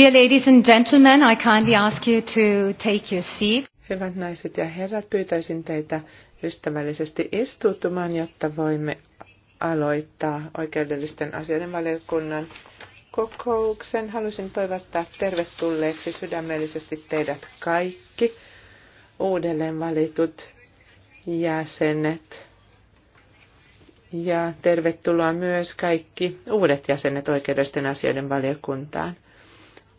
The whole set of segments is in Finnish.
Dear ladies and gentlemen, I kindly ask you to take your seat. Hyvät naiset ja herrat, pyytäisin teitä ystävällisesti istuutumaan, jotta voimme aloittaa oikeudellisten asioiden valiokunnan kokouksen. Haluaisin toivottaa tervetulleeksi sydämellisesti teidät kaikki, uudelleen valitut jäsenet. Ja tervetuloa myös kaikki uudet jäsenet oikeudellisten asioiden valiokuntaan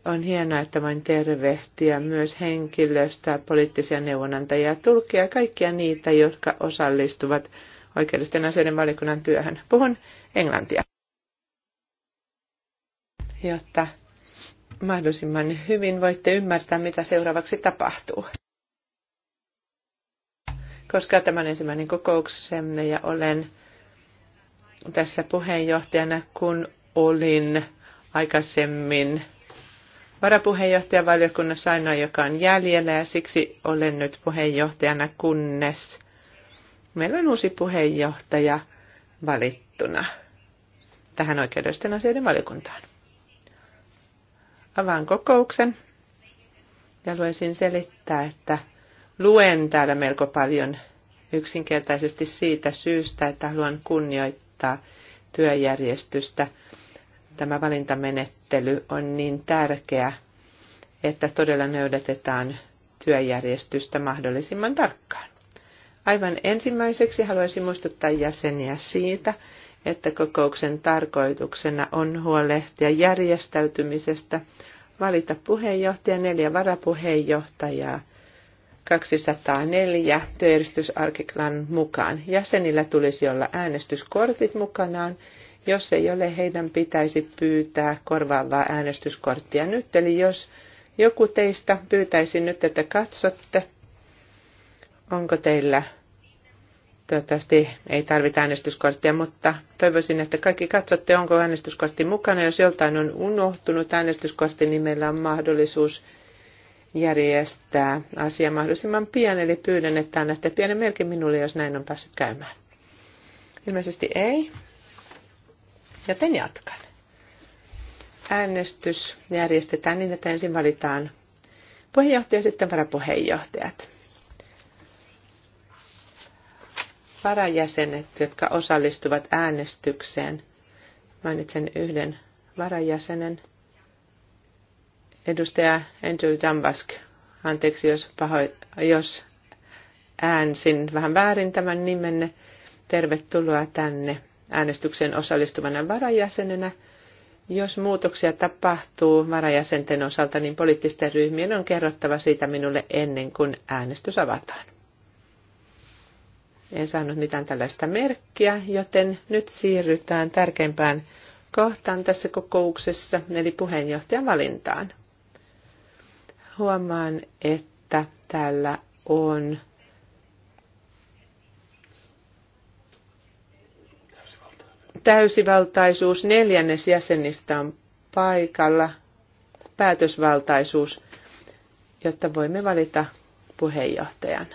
on hienoa, että voin tervehtiä myös henkilöstöä, poliittisia neuvonantajia ja tulkia, kaikkia niitä, jotka osallistuvat oikeudellisten asioiden valiokunnan työhön. Puhun englantia, jotta mahdollisimman hyvin voitte ymmärtää, mitä seuraavaksi tapahtuu. Koska tämän ensimmäinen kokouksemme ja olen tässä puheenjohtajana, kun olin aikaisemmin varapuheenjohtajavaliokunnassa ainoa, joka on jäljellä ja siksi olen nyt puheenjohtajana, kunnes meillä on uusi puheenjohtaja valittuna tähän oikeudellisten asioiden valiokuntaan. Avaan kokouksen ja luisin selittää, että luen täällä melko paljon yksinkertaisesti siitä syystä, että haluan kunnioittaa työjärjestystä tämä valintamenettely on niin tärkeä, että todella noudatetaan työjärjestystä mahdollisimman tarkkaan. Aivan ensimmäiseksi haluaisin muistuttaa jäseniä siitä, että kokouksen tarkoituksena on huolehtia järjestäytymisestä, valita puheenjohtaja, neljä varapuheenjohtajaa, 204 työjärjestysartiklan mukaan. Jäsenillä tulisi olla äänestyskortit mukanaan jos ei ole, heidän pitäisi pyytää korvaavaa äänestyskorttia nyt. Eli jos joku teistä pyytäisi nyt, että katsotte, onko teillä, toivottavasti ei tarvita äänestyskorttia, mutta toivoisin, että kaikki katsotte, onko äänestyskortti mukana. Jos joltain on unohtunut äänestyskortti, niin meillä on mahdollisuus järjestää asia mahdollisimman pian, eli pyydän, että annatte pienen merkin minulle, jos näin on päässyt käymään. Ilmeisesti ei joten jatkan. Äänestys järjestetään niin, että ensin valitaan puheenjohtaja ja sitten varapuheenjohtajat. Varajäsenet, jotka osallistuvat äänestykseen, mainitsen yhden varajäsenen, edustaja Andrew Dambask. Anteeksi, jos, paho, jos äänsin vähän väärin tämän nimenne. Tervetuloa tänne äänestykseen osallistuvana varajäsenenä. Jos muutoksia tapahtuu varajäsenten osalta, niin poliittisten ryhmien on kerrottava siitä minulle ennen kuin äänestys avataan. En saanut mitään tällaista merkkiä, joten nyt siirrytään tärkeimpään kohtaan tässä kokouksessa, eli puheenjohtajan valintaan. Huomaan, että täällä on täysivaltaisuus, neljännes jäsenistä on paikalla, päätösvaltaisuus, jotta voimme valita puheenjohtajan.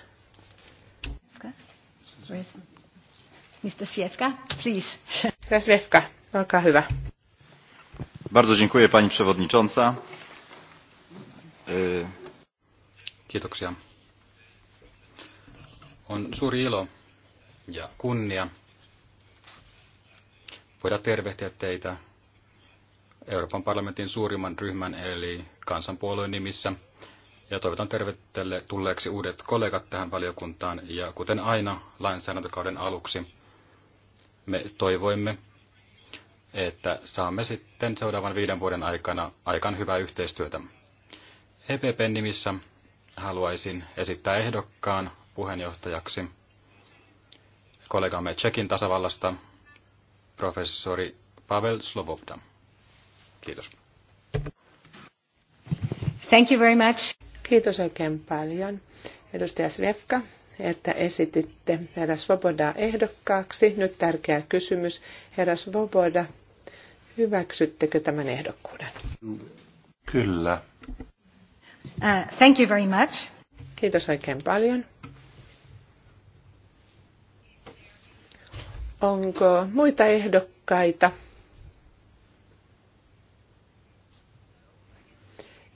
Mr. Svietka, please. Herra Svietka, olkaa hyvä. Bardzo dziękuję pani przewodnicząca. Kiitoksia. On suuri ilo ja kunnia voida tervehtiä teitä Euroopan parlamentin suurimman ryhmän eli kansanpuolueen nimissä. Ja toivotan tervetelle tulleeksi uudet kollegat tähän valiokuntaan. Ja kuten aina lainsäädäntökauden aluksi, me toivoimme, että saamme sitten seuraavan viiden vuoden aikana aikaan hyvää yhteistyötä. EPPn nimissä haluaisin esittää ehdokkaan puheenjohtajaksi kollegamme Tsekin tasavallasta professori Pavel Slobovta. Kiitos. Thank you very much. Kiitos oikein paljon, edustaja Svefka, että esititte herra Svobodaa ehdokkaaksi. Nyt tärkeä kysymys. Herra Svoboda, hyväksyttekö tämän ehdokkuuden? Kyllä. Uh, thank you very much. Kiitos oikein paljon. Onko muita ehdokkaita?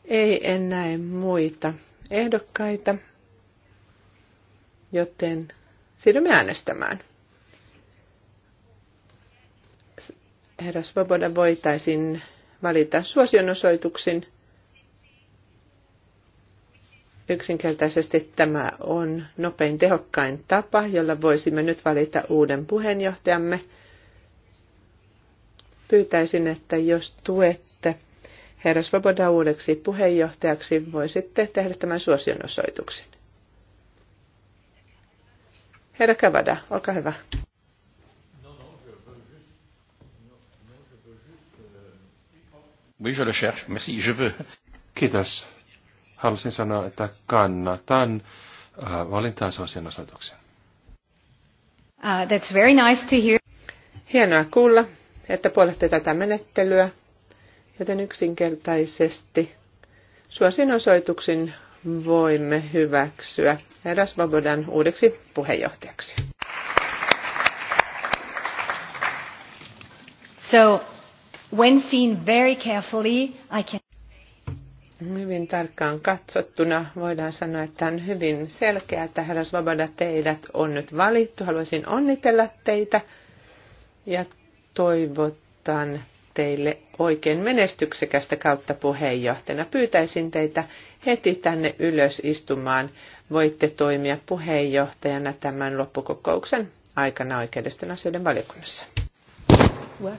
Ei en näe muita ehdokkaita, joten siirrymme äänestämään. Herra Svoboda voitaisiin valita suosionosoituksin. Yksinkertaisesti tämä on nopein tehokkain tapa, jolla voisimme nyt valita uuden puheenjohtajamme. Pyytäisin, että jos tuette herra Svoboda uudeksi puheenjohtajaksi, voisitte tehdä tämän suosionosoituksen. Herra Kavada, olkaa hyvä. Oui, je le cherche. Merci, je veux. Kiitos halusin sanoa, että kannatan äh, valintaa suosionosoituksen. Uh, that's very nice to hear. Hienoa kuulla, että puolette tätä menettelyä, joten yksinkertaisesti suosin osoituksin voimme hyväksyä Eras Vabodan uudeksi puheenjohtajaksi. So, when seen very carefully, I can hyvin tarkkaan katsottuna voidaan sanoa, että on hyvin selkeää, että herra Svoboda teidät on nyt valittu. Haluaisin onnitella teitä ja toivotan teille oikein menestyksekästä kautta puheenjohtajana. Pyytäisin teitä heti tänne ylös istumaan. Voitte toimia puheenjohtajana tämän loppukokouksen aikana oikeudellisten asioiden valiokunnassa. What?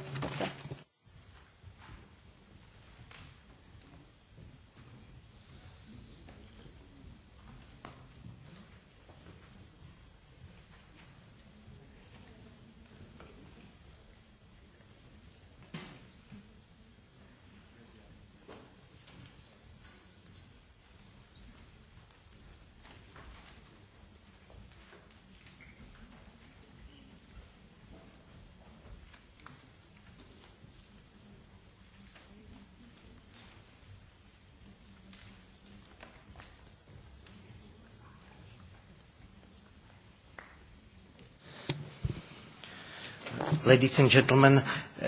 Ladies and gentlemen,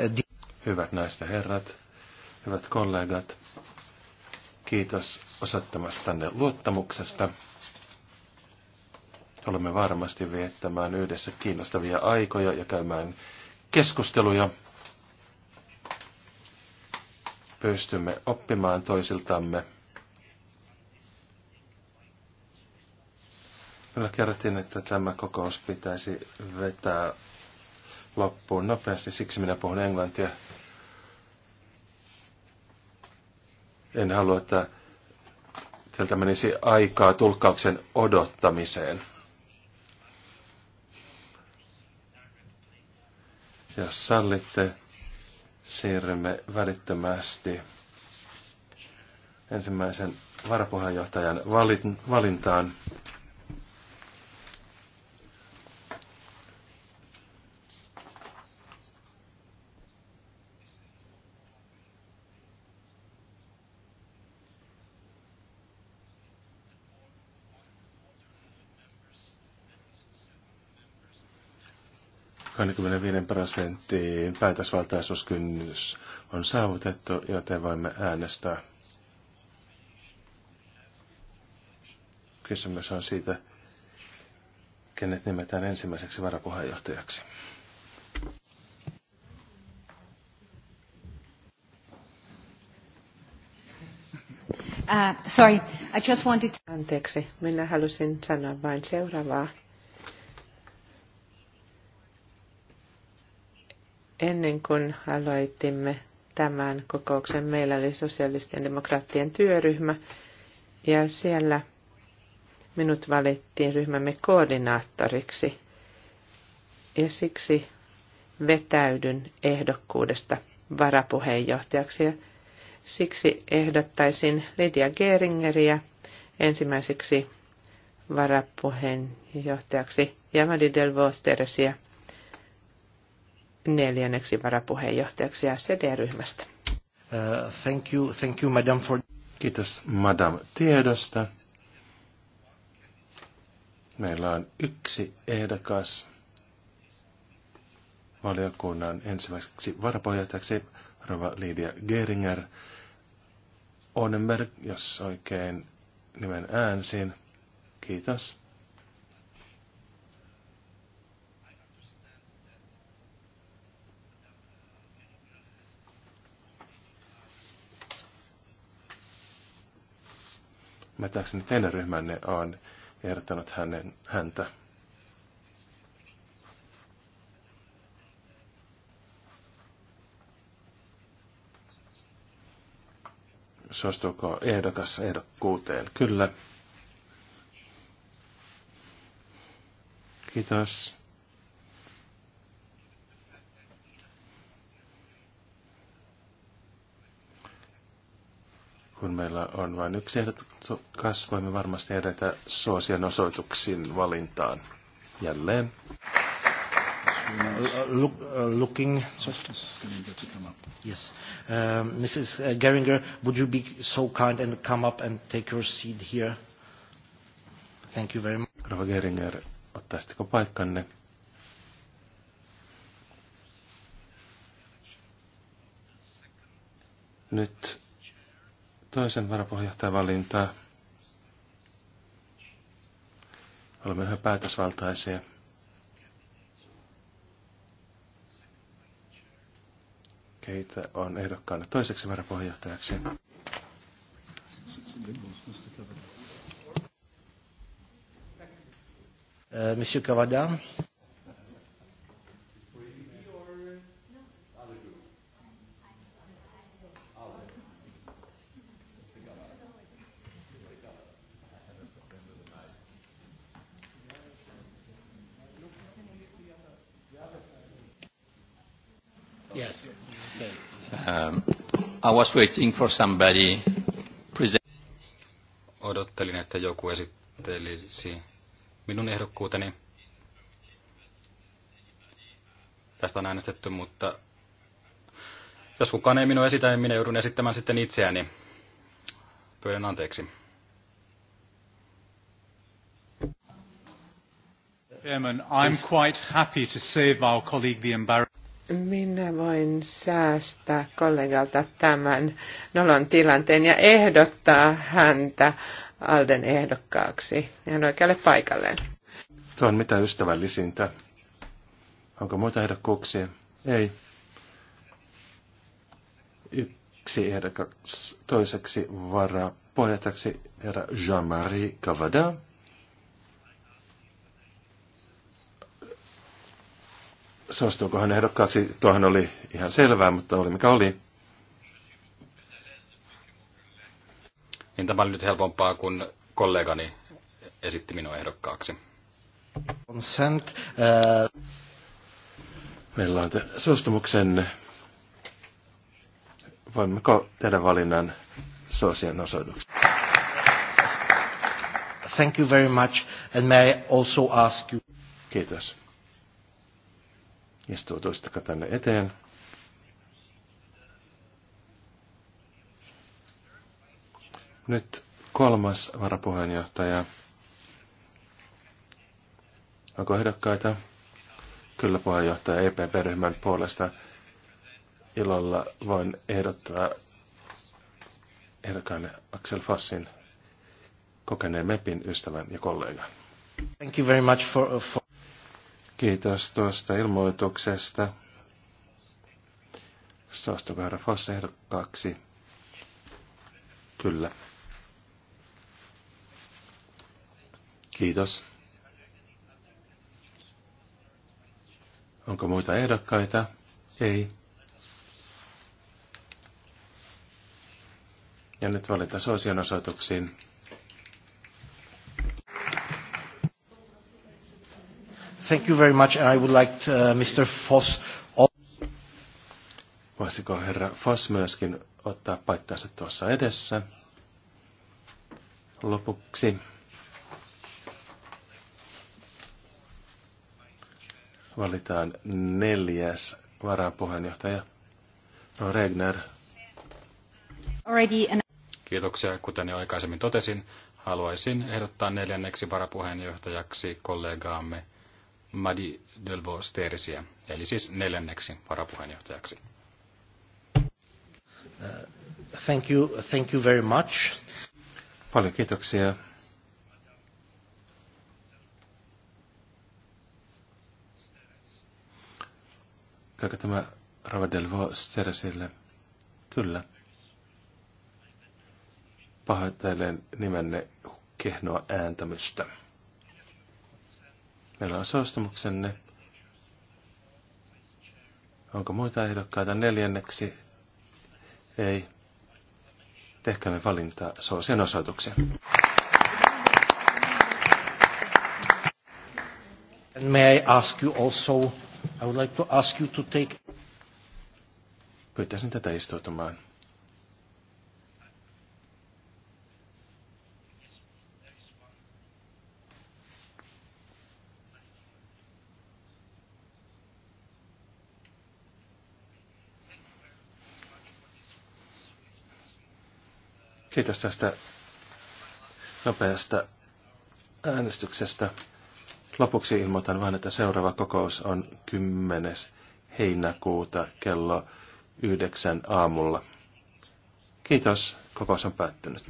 uh, Hyvät naiset ja herrat, hyvät kollegat, kiitos osoittamastanne luottamuksesta. Olemme varmasti viettämään yhdessä kiinnostavia aikoja ja käymään keskusteluja. Pystymme oppimaan toisiltamme. Kyllä kerrottiin, että tämä kokous pitäisi vetää loppuun nopeasti, siksi minä puhun englantia. En halua, että teiltä menisi aikaa tulkkauksen odottamiseen. Jos sallitte, siirrymme välittömästi ensimmäisen varapuheenjohtajan valintaan. 25 prosenttiin päätösvaltaisuuskynnys on saavutettu, joten voimme äänestää. Kysymys on siitä, kenet nimetään ensimmäiseksi varapuheenjohtajaksi. Uh, sorry, I just wanted to... Anteeksi, minä halusin sanoa vain seuraavaa Ennen kuin aloitimme tämän kokouksen, meillä oli sosialistien demokraattien työryhmä ja siellä minut valittiin ryhmämme koordinaattoriksi ja siksi vetäydyn ehdokkuudesta varapuheenjohtajaksi. Ja siksi ehdottaisin Lydia Geringeriä ensimmäiseksi varapuheenjohtajaksi ja Madi Delvaux neljänneksi varapuheenjohtajaksi SED-ryhmästä. Uh, thank you, thank you, madam, for... Kiitos, madam, tiedosta. Meillä on yksi ehdokas valiokunnan ensimmäiseksi varapuheenjohtajaksi, Rova Lidia Geringer. Onenberg, jos oikein nimen äänsin. Kiitos. Ymmärtääkseni teidän ryhmänne on ehdottanut hänen, häntä. Suostuuko ehdokas ehdokkuuteen? Kyllä. Kiitos. kun meillä on vain yksi ehdokas, voimme varmasti edetä suosion osoituksin valintaan jälleen. Uh, looking, Yes, uh, Mrs. Geringer, would you be so kind and come up and take your seat here? Thank you very much. Rova Geringer, ottaisitteko paikkanne? Nyt toisen varapuheenjohtajan valintaa. Olemme yhä päätösvaltaisia. Keitä on ehdokkaana toiseksi varapuheenjohtajaksi? Monsieur Cavada. Um, I was waiting for somebody present. Odottelin, että joku esittelisi minun ehdokkuuteni. Tästä on äänestetty, mutta jos kukaan ei minua esitä, niin minä joudun esittämään sitten itseäni. Pyydän anteeksi. Chairman, I'm quite happy to save our colleague the embarrassment. Minä voin säästää kollegalta tämän nolon tilanteen ja ehdottaa häntä Alden ehdokkaaksi ihan oikealle paikalleen. Tuo on mitä ystävällisintä. Onko muita ehdokkuuksia? Ei. Yksi ehdokas toiseksi vara puheenjohtajaksi herra Jean-Marie Cavada. suostuuko hän ehdokkaaksi, tuohan oli ihan selvää, mutta oli mikä oli. Niin tämä oli nyt helpompaa, kun kollegani esitti minua ehdokkaaksi. Consent, uh... Meillä on suostumuksen. Voimmeko tehdä valinnan suosion osoituksen? Thank you very much, and may I also ask you... Kiitos. Istuutuisitteko tänne eteen? Nyt kolmas varapuheenjohtaja. Onko ehdokkaita? Kyllä puheenjohtaja EPP-ryhmän puolesta ilolla voin ehdottaa ehdokkaan Axel Fassin kokeneen MEPin ystävän ja kollegan. Thank you very much for, for... Kiitos tuosta ilmoituksesta. Saasto herra Foss Kyllä. Kiitos. Onko muita ehdokkaita? Ei. Ja nyt valinta suosion osoituksiin. Thank you very much, and I would like to, uh, Mr. Foss... Voisiko herra Foss myöskin ottaa paikkansa tuossa edessä? Lopuksi valitaan neljäs varapuheenjohtaja, no Regner. Kiitoksia, kuten jo aikaisemmin totesin. Haluaisin ehdottaa neljänneksi varapuheenjohtajaksi kollegaamme Madi Delvo Tersiä, eli siis neljänneksi varapuheenjohtajaksi. Uh, thank you, thank you very much. Paljon kiitoksia. Käykö tämä Rava Delvo Steresille? Kyllä. Pahoittelen nimenne kehnoa ääntämystä. Meillä on suostumuksenne. Onko muita ehdokkaita neljänneksi? Ei. Tehkäämme valinta suosien osoituksen. And may I ask you also, I would like to ask you to take... Pyytäisin tätä istuutumaan. Kiitos tästä nopeasta äänestyksestä. Lopuksi ilmoitan vain, että seuraava kokous on 10. heinäkuuta kello 9 aamulla. Kiitos, kokous on päättynyt.